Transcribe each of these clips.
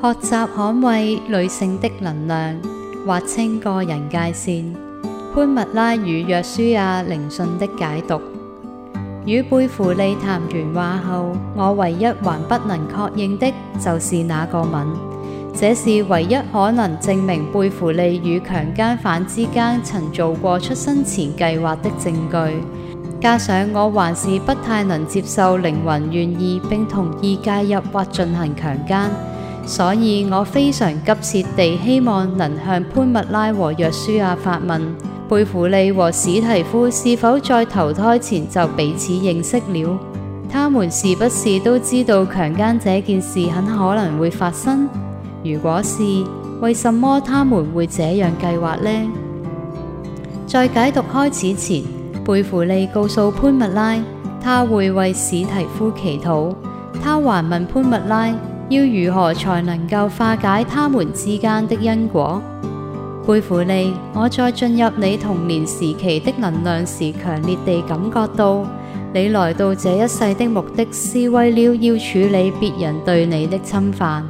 學習捍衛女性的能量，劃清個人界線。潘蜜拉與約書亞靈訊的解讀，與貝芙利談完話後，我唯一還不能確認的就是那個吻。這是唯一可能證明貝芙利與強姦犯之間曾做過出生前計劃的證據。加上我還是不太能接受靈魂願意並同意介入或進行強姦。所以我非常急切地希望能向潘蜜拉和約書亞發問：貝芙利和史提夫是否在投胎前就彼此認識了？他們是不是都知道強姦這件事很可能會發生？如果是，為什麼他們會這樣計劃呢？在解讀開始前，貝芙利告訴潘蜜拉，他會為史提夫祈禱。他還問潘蜜拉。要如何才能夠化解他們之間的因果？貝芙利，我在進入你童年時期的能量時，強烈地感覺到你來到這一世的目的，是為了要處理別人對你的侵犯，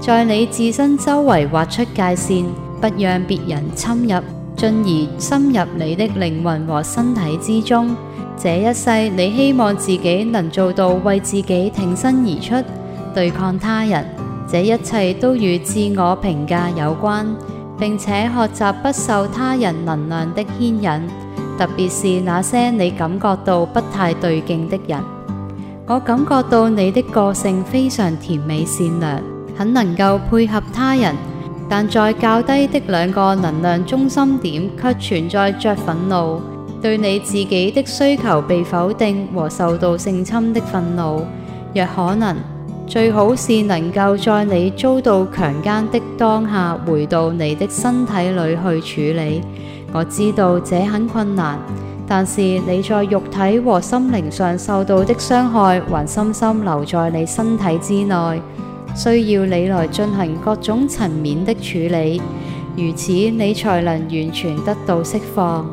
在你自身周圍劃出界線，不讓別人侵入，進而深入你的靈魂和身體之中。這一世，你希望自己能做到為自己挺身而出。對抗他人，這一切都與自我評價有關，並且學習不受他人能量的牽引，特別是那些你感覺到不太對勁的人。我感覺到你的個性非常甜美善良，很能夠配合他人，但在較低的兩個能量中心點卻存在著憤怒，對你自己的需求被否定和受到性侵的憤怒。若可能。最好是能夠在你遭到強姦的當下，回到你的身體裏去處理。我知道這很困難，但是你在肉體和心靈上受到的傷害，還深深留在你身體之內，需要你來進行各種層面的處理。如此，你才能完全得到釋放。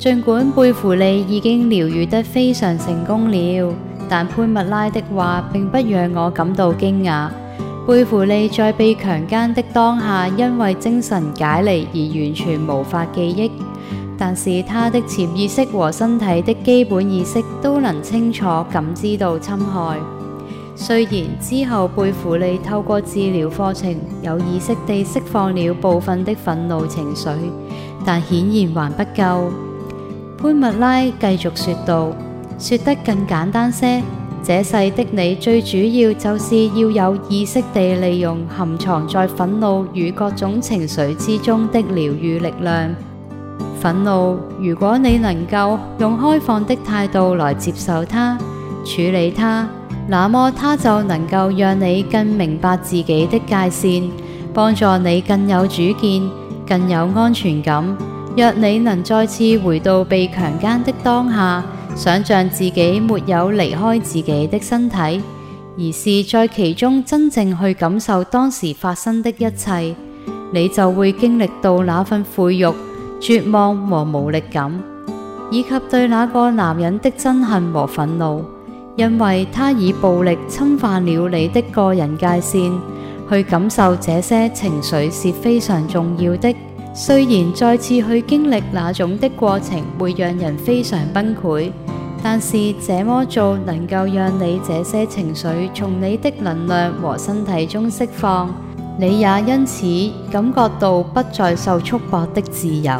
盡管貝芙利已經療愈得非常成功了。但潘蜜拉的話並不讓我感到驚訝。貝弗利在被強奸的當下，因為精神解離而完全無法記憶，但是她的潛意識和身體的基本意識都能清楚感知到侵害。雖然之後貝弗利透過治療課程有意識地釋放了部分的憤怒情緒，但顯然還不夠。潘蜜拉繼續說道。說得更簡單些，這世的你最主要就是要有意識地利用含藏在憤怒與各種情緒之中的療癒力量。憤怒，如果你能夠用開放的態度來接受它、處理它，那麼它就能夠讓你更明白自己的界線，幫助你更有主見、更有安全感。若你能再次回到被強姦的當下，想象自己沒有離開自己的身體，而是在其中真正去感受當時發生的一切，你就會經歷到那份悔欲、絕望和無力感，以及對那個男人的憎恨和憤怒，因為他以暴力侵犯了你的個人界線。去感受這些情緒是非常重要的，雖然再次去經歷那種的過程會讓人非常崩潰，但是這麼做能夠讓你這些情緒從你的能量和身體中釋放，你也因此感覺到不再受束縛的自由。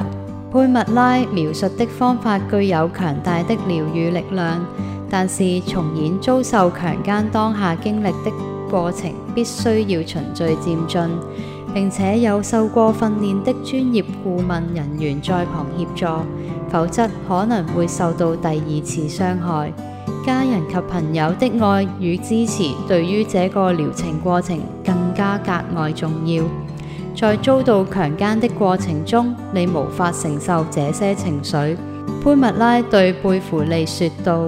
潘蜜拉描述的方法具有強大的療愈力量，但是重演遭受強姦當下經歷的過程必須要循序漸進。並且有受過訓練的專業顧問人員在旁協助，否則可能會受到第二次傷害。家人及朋友的愛與支持對於這個療程過程更加格外重要。在遭到強姦的過程中，你無法承受這些情緒。潘蜜拉對貝芙利說道：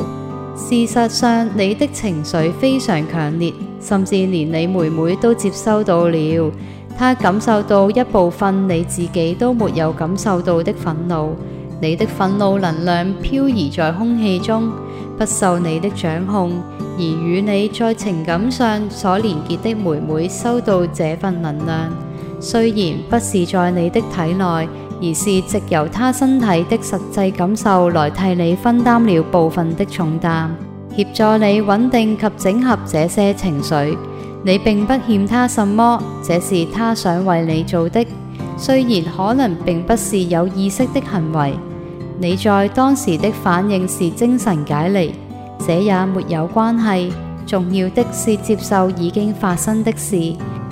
事實上，你的情緒非常強烈，甚至連你妹妹都接收到了。他感受到一部分你自己都沒有感受到的憤怒，你的憤怒能量漂移在空氣中，不受你的掌控，而與你在情感上所連結的妹妹收到這份能量，雖然不是在你的體內，而是藉由她身體的實際感受來替你分擔了部分的重擔，協助你穩定及整合這些情緒。你並不欠他什麼，這是他想為你做的，雖然可能並不是有意識的行為。你在當時的反應是精神解離，這也沒有關係。重要的是接受已經發生的事，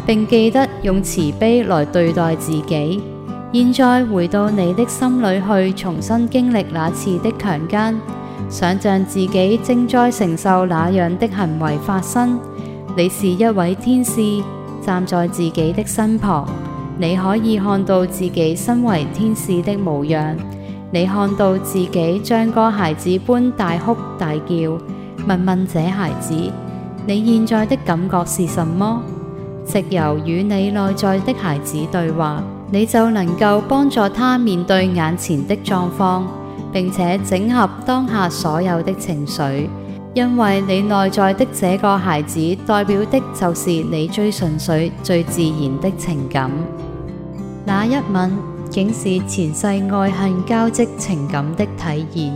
並記得用慈悲來對待自己。現在回到你的心裏去，重新經歷那次的強姦，想象自己正在承受那樣的行為發生。你是一位天使，站在自己的身旁，你可以看到自己身為天使的模樣。你看到自己像個孩子般大哭大叫，問問這孩子，你現在的感覺是什麼？藉由與你內在的孩子對話，你就能夠幫助他面對眼前的狀況，並且整合當下所有的情緒。因為你內在的這個孩子，代表的就是你最純粹、最自然的情感。那一吻，竟是前世愛恨交織情感的體現。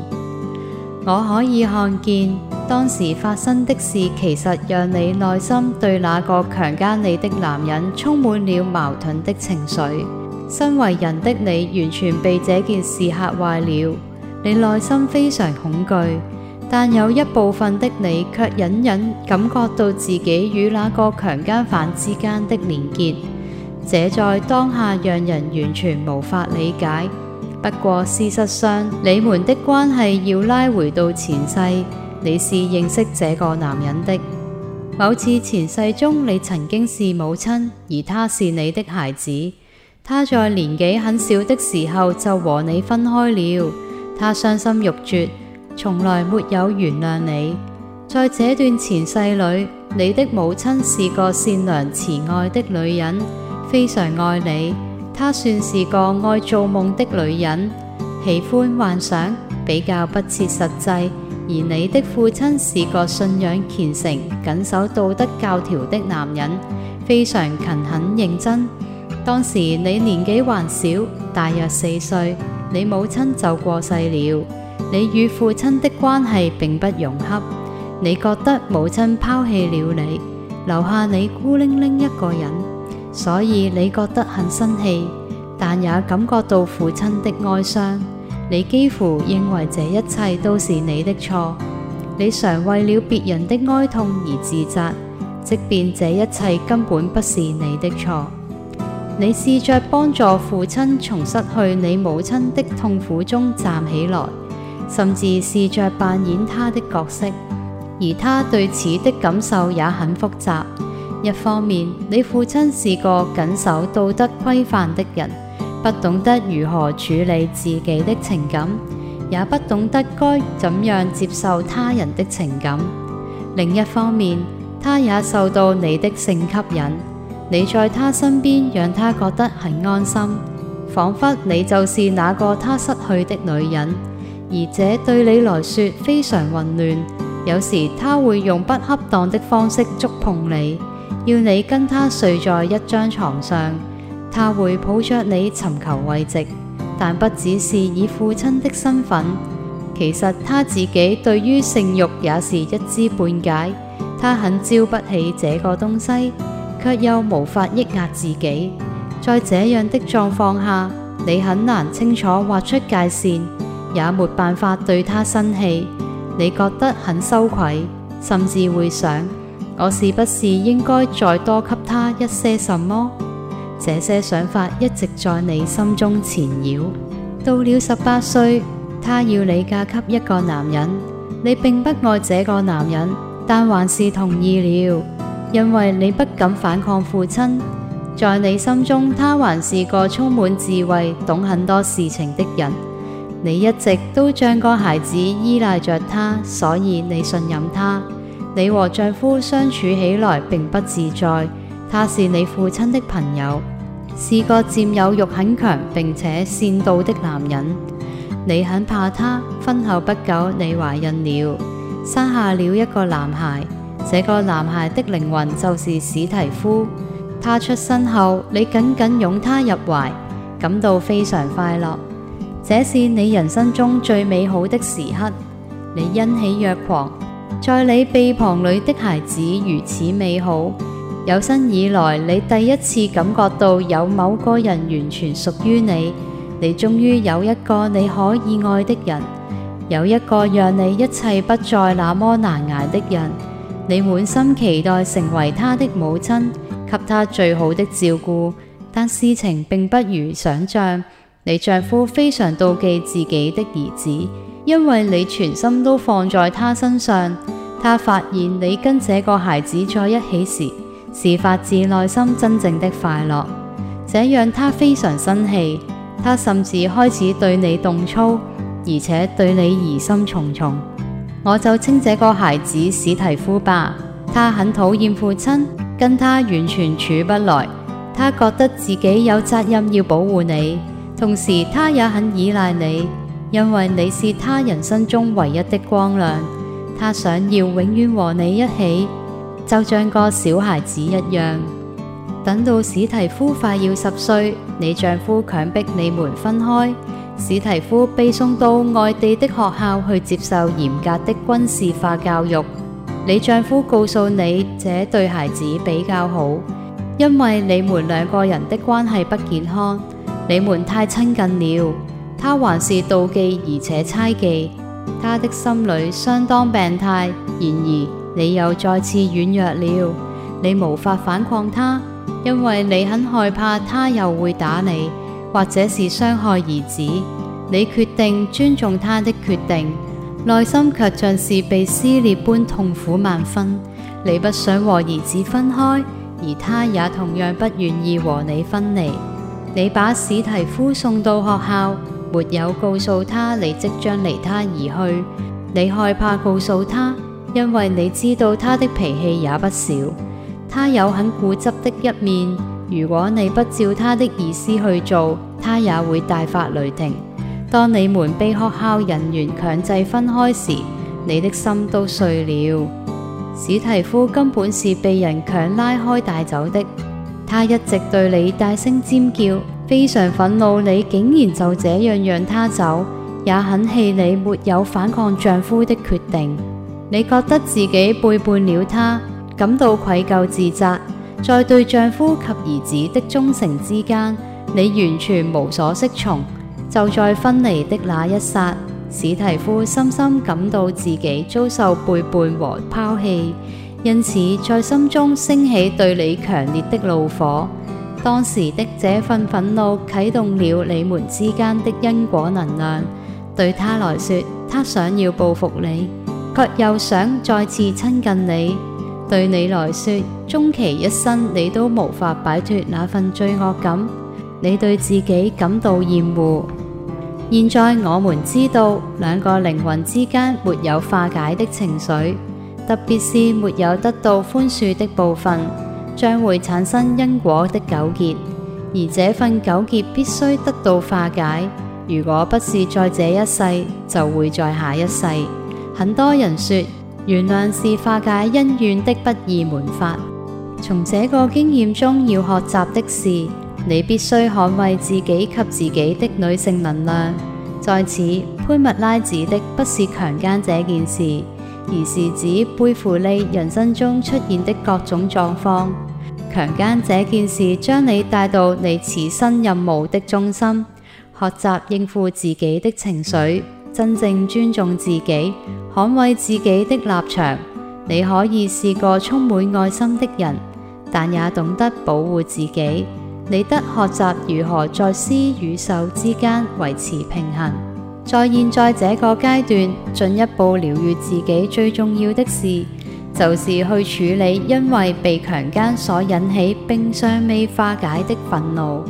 我可以看見當時發生的事，其實讓你內心對那個強姦你的男人充滿了矛盾的情緒。身為人的你，完全被這件事嚇壞了，你內心非常恐懼。但有一部分的你卻隱隱感覺到自己與那個強姦犯之間的連結，這在當下讓人完全無法理解。不過事實上，你們的關係要拉回到前世，你是認識這個男人的。某次前世中，你曾經是母親，而他是你的孩子。他在年紀很小的時候就和你分開了，他傷心欲絕。從來沒有原諒你。在這段前世裏，你的母親是個善良慈愛的女人，非常愛你。她算是個愛做夢的女人，喜歡幻想，比較不切實際。而你的父親是個信仰虔誠、謹守道德教條的男人，非常勤懇認真。當時你年紀還小，大約四歲，你母親就過世了。你與父親的關係並不融洽，你覺得母親拋棄了你，留下你孤零零一個人，所以你覺得很生氣，但也感覺到父親的哀傷。你幾乎認為這一切都是你的錯，你常為了別人的哀痛而自責，即便這一切根本不是你的錯。你試着幫助父親從失去你母親的痛苦中站起來。甚至試着扮演他的角色，而他對此的感受也很複雜。一方面，你父親是個謹守道德規範的人，不懂得如何處理自己的情感，也不懂得該怎樣接受他人的情感；另一方面，他也受到你的性吸引，你在他身邊讓他覺得很安心，仿佛你就是那個他失去的女人。而這對你來說非常混亂。有時他會用不恰當的方式觸碰你，要你跟他睡在一張床上。他會抱著你尋求慰藉，但不只是以父親的身份。其實他自己對於性慾也是一知半解，他很招不起這個東西，卻又無法抑壓自己。在這樣的狀況下，你很難清楚劃出界線。也沒辦法對他生氣，你覺得很羞愧，甚至會想我是不是應該再多給他一些什麼？這些想法一直在你心中纏繞。到了十八歲，他要你嫁給一個男人，你並不愛這個男人，但還是同意了，因為你不敢反抗父親。在你心中，他還是個充滿智慧、懂很多事情的人。你一直都像個孩子依賴着他，所以你信任他。你和丈夫相處起來並不自在。他是你父親的朋友，是個佔有欲很強並且善妒的男人。你很怕他。婚後不久，你懷孕了，生下了一個男孩。這個男孩的靈魂就是史提夫。他出生後，你緊緊擁他入懷，感到非常快樂。這是你人生中最美好的時刻，你欣喜若狂，在你臂膀裏的孩子如此美好，有生以來你第一次感覺到有某個人完全屬於你，你終於有一個你可以愛的人，有一個讓你一切不再那麼難挨的人。你滿心期待成為他的母親，給他最好的照顧，但事情並不如想象。你丈夫非常妒忌自己的兒子，因為你全心都放在他身上。他發現你跟這個孩子在一起時，是發自內心真正的快樂，這讓他非常生氣。他甚至開始對你動粗，而且對你疑心重重。我就稱這個孩子史提夫吧，他很討厭父親，跟他完全處不來。他覺得自己有責任要保護你。同時，他也很依賴你，因為你是他人生中唯一的光亮。他想要永遠和你一起，就像個小孩子一樣。等到史提夫快要十歲，你丈夫強迫你們分開，史提夫被送到外地的學校去接受嚴格的軍事化教育。你丈夫告訴你，這對孩子比較好，因為你們兩個人的關係不健康。你們太親近了，他還是妒忌而且猜忌，他的心裏相當病態。然而你又再次軟弱了，你無法反抗他，因為你很害怕他又會打你，或者是傷害兒子。你決定尊重他的決定，內心却像是被撕裂般痛苦萬分。你不想和兒子分開，而他也同樣不願意和你分離。你把史提夫送到學校，沒有告訴他你即將離他而去。你害怕告訴他，因為你知道他的脾氣也不少，他有很固執的一面。如果你不照他的意思去做，他也會大發雷霆。當你們被學校人員強制分開時，你的心都碎了。史提夫根本是被人強拉開帶走的。她一直對你大聲尖叫，非常憤怒，你竟然就這樣讓她走，也很氣你沒有反抗丈夫的決定。你覺得自己背叛了她，感到愧疚自責，在對丈夫及兒子的忠誠之間，你完全無所適從。就在分離的那一剎，史提夫深深感到自己遭受背叛和拋棄。因此，在心中升起對你強烈的怒火。當時的這份憤怒啟動了你們之間的因果能量。對他來說，他想要報復你，卻又想再次親近你。對你來說，終其一生，你都無法擺脫那份罪惡感。你對自己感到厭惡。現在我們知道，兩個靈魂之間沒有化解的情緒。特別是沒有得到寬恕的部分，將會產生因果的糾結，而這份糾結必須得到化解。如果不是在這一世，就會在下一世。很多人說原諒是化解恩怨的不二門法。從這個經驗中要學習的是，你必須捍衛自己及自己的女性能量。在此，潘蜜拉指的不是強姦這件事。而是指背負你人生中出現的各種狀況。強姦這件事將你帶到你此生任務的中心，學習應付自己的情緒，真正尊重自己，捍衛自己的立場。你可以是個充滿愛心的人，但也懂得保護自己。你得學習如何在施與受之間維持平衡。在現在這個階段，進一步療癒自己最重要的事，就是去處理因為被強姦所引起並尚未化解的憤怒，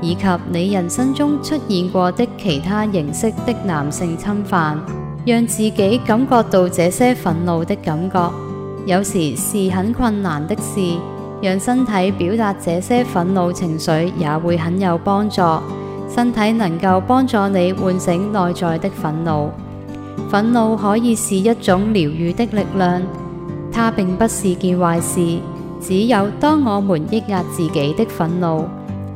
以及你人生中出現過的其他形式的男性侵犯。讓自己感覺到這些憤怒的感覺，有時是很困難的事，讓身體表達這些憤怒情緒也會很有幫助。身體能夠幫助你喚醒內在的憤怒，憤怒可以是一種療癒的力量，它並不是件壞事。只有當我們抑壓自己的憤怒，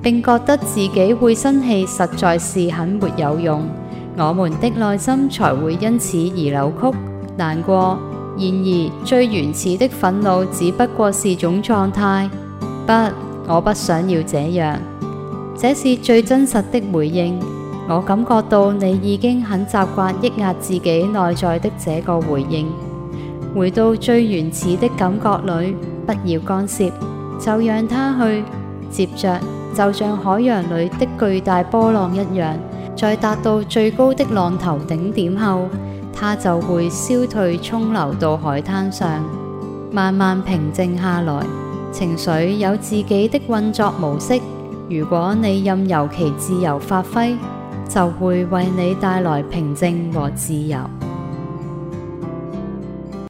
並覺得自己會生氣，實在是很沒有用，我們的內心才會因此而扭曲、難過。然而，最原始的憤怒只不過是種狀態。不，我不想要這樣。這是最真實的回應，我感覺到你已經很習慣抑壓自己內在的這個回應。回到最原始的感覺裏，不要干涉，就讓它去。接着，就像海洋裏的巨大波浪一樣，在達到最高的浪頭頂點後，它就會消退，沖流到海灘上，慢慢平靜下來。情緒有自己的運作模式。如果你任由其自由發揮，就會為你帶來平靜和自由。